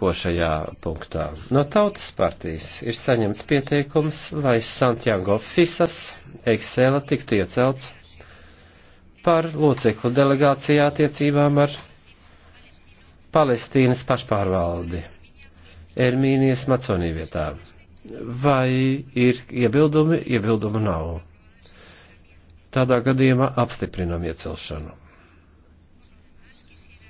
sekošajā punktā. No tautas partijas ir saņemts pieteikums, lai Santiago Fisas Excela tiktu iecelts par loceklu delegācijā attiecībām ar Palestīnas pašpārvaldi Ermīnijas Maconī vietā. Vai ir iebildumi? Iebildumu nav. Tādā gadījumā apstiprinam iecelšanu.